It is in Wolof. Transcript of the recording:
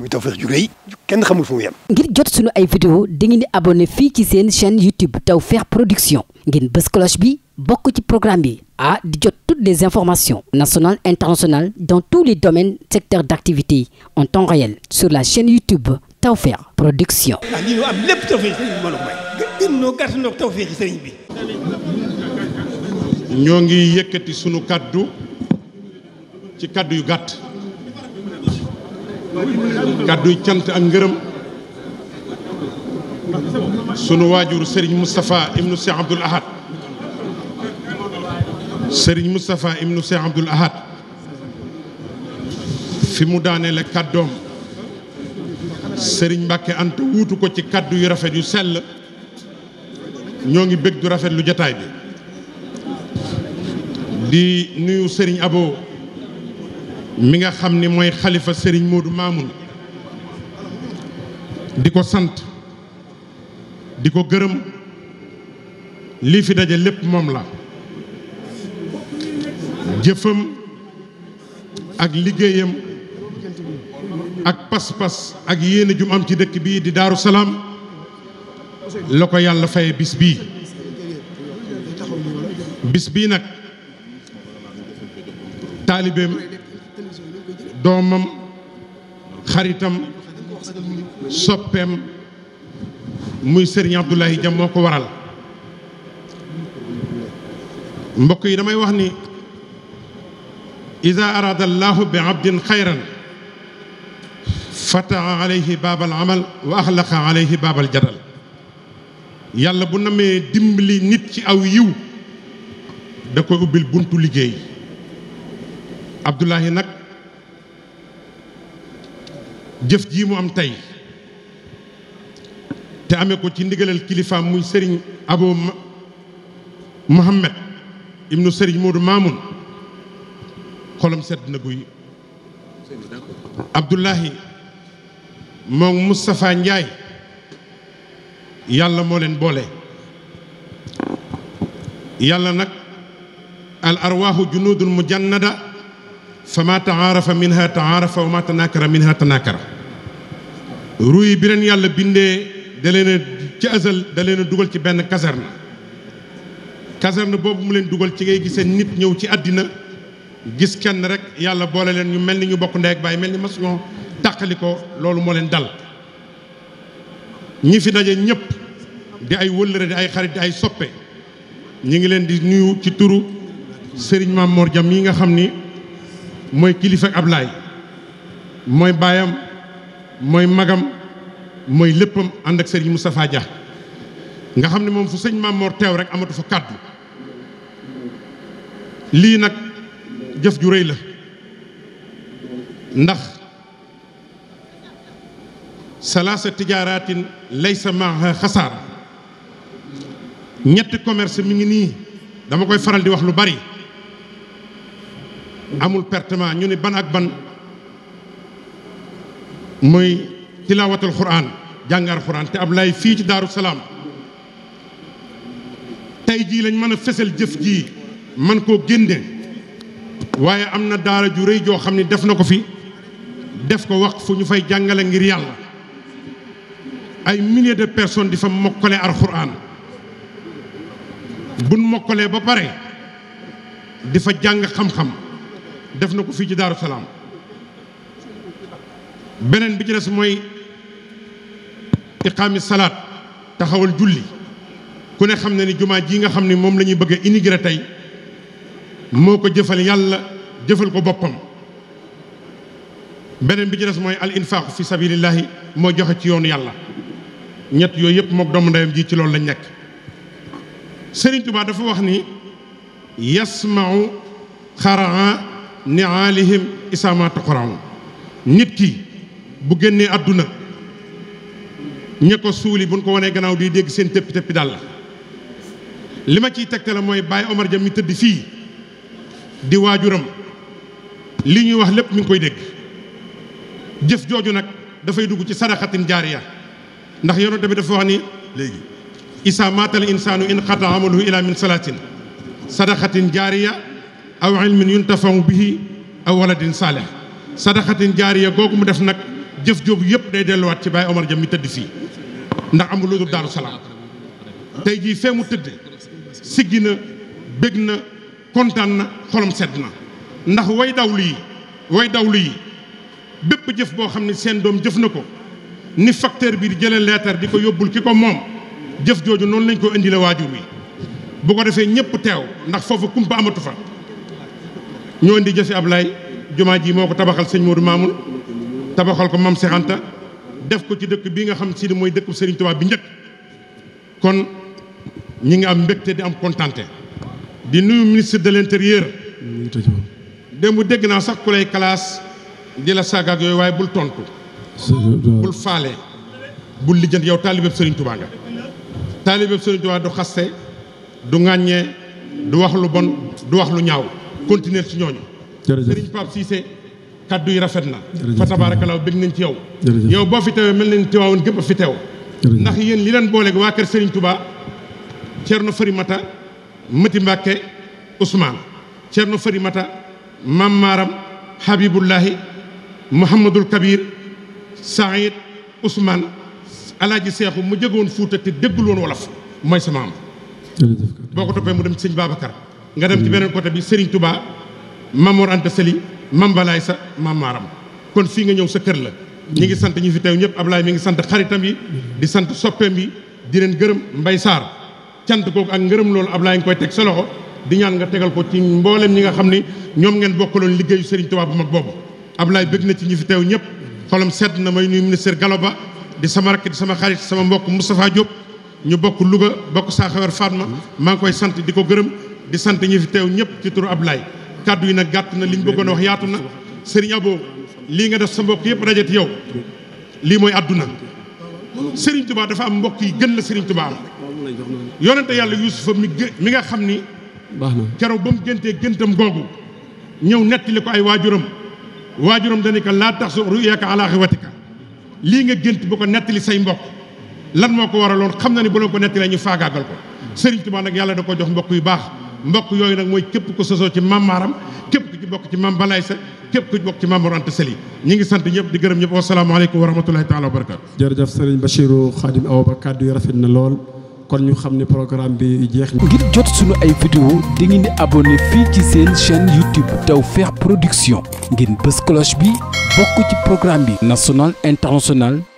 muy Tawfekh ju rëy kenn xamul fu ngir jot sunu ay vidéo dangeen di abonné fii ci seen chaîne YouTube Tawfekh Production ngeen bës cloche bi bokk ci programme bi ah di jot toutes des informations nationales internationales dans tous les domaines secteurs d'activité en temps réel sur la chaîne YouTube Tawfekh Production. ah lii ñu am lépp Tawfekh sëriñ bi mën a may. gën noo gàtt noo Tawfekh sëriñ gàtt. kàdduy cant ak ngërëm sunu waajur sëriñ Moustapha ibnu Cheikh Abdoul Ahad Serigne Moustapha ibnu Cheikh Abdoul fi mu daaneele kàddoom sëriñ Mbacke Anta wuutu ko ci kàddu yu rafet yu sell ñoo ngi bëgg du rafet lu jataay bi di nuyu sëriñ Abo mi nga xam ni mooy xalifa sëriñ Modou Mamoun di ko sant di ko gërëm lii fi daje lépp moom la jëfam ak liggéeyam ak pas-pas ak yéene jum am ci dëkk bii di Daaru Salaam la ko yàlla faye bis bii bis bii nag taalibeem doomam xaritam soppeem muy sëriñ Abdoulaye Dia moo ko waral mbokk yi damay wax ni ida araada allahu bi abdin xayran fataha alayhi baabal amal wa axlaqa alayhi baabal jadal yàlla bu namee dimbali nit ci aw yiw da koy ubbil buntu liggéey Abdoulahi nag jëf jii mu am tey te amee ko ci ndigalal kilifaam muy sëriñ Abo Mohammed ibnu sëriñ Modou Mamoun xolam sedd na guy Abdoulahi moom Moustapha Ndiaye yàlla moo leen boole yàlla nag al arwaahu junudul mujannada fa ma taarafa minha taarafa wa ma tanakara minha tanakara ruu yi bi leen yàlla bindee da leen a ci azal da leen a dugal ci benn caserne caserne boobu mu leen dugal ci ngay gisee nit ñëw ci àddina gis kenn rek yàlla boole leen ñu mel ni ñu bokk ndey ak baay mel ni masuñoo tàqali ko loolu moo leen dal ñi fi daje ñëpp di ay wëllëre di ay xarit di ay soppe ñi ngi leen di nuyu ci turu Serigne Mame Mor Diam yi nga xam ni mooy kilifa ak Ablaay mooy baayam mooy magam mooy léppam ànd ak sëriñ Moustapha Dia nga xam ne moom fu sëñ Mamor teew rek amatu fa kàddu lii nag jëf ju rëy la ndax salaasa tijaaraatin laysa maaha xasaara ñetti commerce mi ngi nii dama koy faral di wax lu bari amul pertement ñu ni ban ak ban muy tilaawatul quraan jàngar quraan te ab lay fii ci daaru salaam tey jii lañ mën a fesal jëf jii man koo génne waaye am na daara ju rëy joo xam ne def na ko fi def ko wax fu ñu fay jàngale ngir yàlla ay milliers de personnes di fa mokkale al quraan mokkalee ba pare di fa jàng xam-xam def na ko fii ci Daaru Salaam beneen bi ci des mooy iqaami salaat taxawal julli ku ne xam ne ni jumaa ji nga xam ni moom lañuy bëggee bëgg a tey moo ko jëfal yàlla jëfal ko boppam beneen bi ci des mooy al infaq fi sabilillahi moo joxe ci yoon yàlla ñett yooyu yëpp mook doomu ndeyam ji ci loolu lañ nekk Sëriñ Tuubaa dafa wax ni yasmau xaraa niaalihim isaamaatu xoraamu nit ki bu génnee àdduna ña ko suuli buñ ko wanee gannaaw bi dégg seen tëppi tëppi daal la li ma ciy tegte la mooy Baye Omar Dia mi tëdd fii di waajuram li ñuy wax lépp ñu ngi koy dégg jëf jooju nag dafay dugg ci sadaxatin jaariya ndax yonent bi dafa wax ni léegi isa maatal insaanu in xata amaluhu ila min salaatin sadaxatin jaariya aw ilmin yuntafaw bihi aw waladin saalih sadaxatin jaariya googu mu def nag jëf joobu yëpp day delluwaat ci Baye Omar Dia mi tëdd fii ndax amul lu dul Daaru Salaam tey jii fee mu tëdd siggi na bég na kontaan na xolom sedd na ndax way dawlu yi way dawlu yi bépp jëf boo xam ne seen doom jëf na ko ni facteur bii di jëlee leetar di ko yóbbul ki ko moom jëf jooju noonu lañ ko indile waajur wi bu ko defee ñëpp teew ndax foofu kumpa amatu fa ñoo di indi jësi Ablaye jumaa ji moo ko tabaxal sëñ Modou Mamoun tabaxal ko Mame Cheikh def ko ci dëkk bi nga xam si ne mooy dëkk Serigne Touba bi njëkk kon ñi ngi am mbégte di am kontante di nuyu ministre de l'intérieur démb dégg naa sax ku lay classe di la saagaak yooyu waaye bul tontu bul faale bul lijjant yow taalibeb Serigne Touba nga taalibeb Serigne Touba du xaste du ŋàññee du wax lu bon du wax lu ñaaw continuer ci ñooñu. jërëjëf Serigne Pape Cissé yi rafet na. fa tabaarakalaw bëgg nañ ci yow. yow boo fi teewee mel nañ teewaawoon gépp fi teew. ndax yéen li leen booleeg waa kër Serigne Touba Thierno Farimata Mati Mbacke Ousmane Thierno Farimata Mam Maram Habibullahi Mouhamadul Kabir Saïd Ousmane Alaaji Seexu mu jëgoon Fuuta te déggul woon wolof mooy sama am. boo ko toppee mu dem ci sëñ nga dem ci hmm. beneen côté bi Serigne Touba Mame Mor Anta Sali Mame Balaye sa Mame Maram kon fii nga ñëw sa kër la ñu ngi sant ñu fi teew ñëpp Ablaye mi ngi sant xaritam yi di sant soppeem yi di leen gërëm Mbay Saar cant kooku ak ngërëm loolu ab Ablaye nga koy teg sa di ñaan nga tegal ko ci mboolem ñi nga xam ni ñoom ngeen bokkaloon liggéeyu Serigne Touba bu mag boobu laay bëgg na ci ñi fi teew ñëpp xolam sedd na may nuyu ministre Galoba di sama rakk di sama xarit sama mbokk Moustapha ñu bokk Louga bokk Saxawar Fatma hmm. maa ngi koy sant di ko gërëm di sant ñi fi teew ñëpp ci turu Ablaye kàddu yi nag gàtt na liñ bëggoon a wax yaatu na sëriñ Abo lii nga def sa mbokk yëpp daje ci yow lii mooy àdduna sëriñ Tuubaa dafa am mbokk yi gën la sëriñ Tuubaa am yonente yàlla Yuusufa mi mi nga xam ni keroog ba mu géntee géntam googu ñëw nettali ko ay waajuram waajuram dañu ko laa tax su ruyaaka alaa xiwatika lii nga gént bu ko nettali say mbokk lan moo ko waraloon xam na ni bu leen ko nettalee ñu faagaagal ko sëriñ yàlla da jox mbokk yu mbokk yooyu nag mooy képp ko sosoo ci maam Maram képp ku ci bokk ci maam Balaay sa képp ku ci bokk ci maam Mor Anta Sali ñi ngi sant ñëpp di gërëm ñëpp wasalaamaaleykum wa rahmatulahi taala wa barakaatu jërëjëf sëriñ Bachirou Khadim Awa Ba kàddu yu rafet na lool kon ñu xam ne programme bi jeex ngir jot suñu ay vidéo di ngeen di abonné fii ci seen chaîne YouTube Tawfekh Production ngeen bës cloche bi bokk ci programme bi national international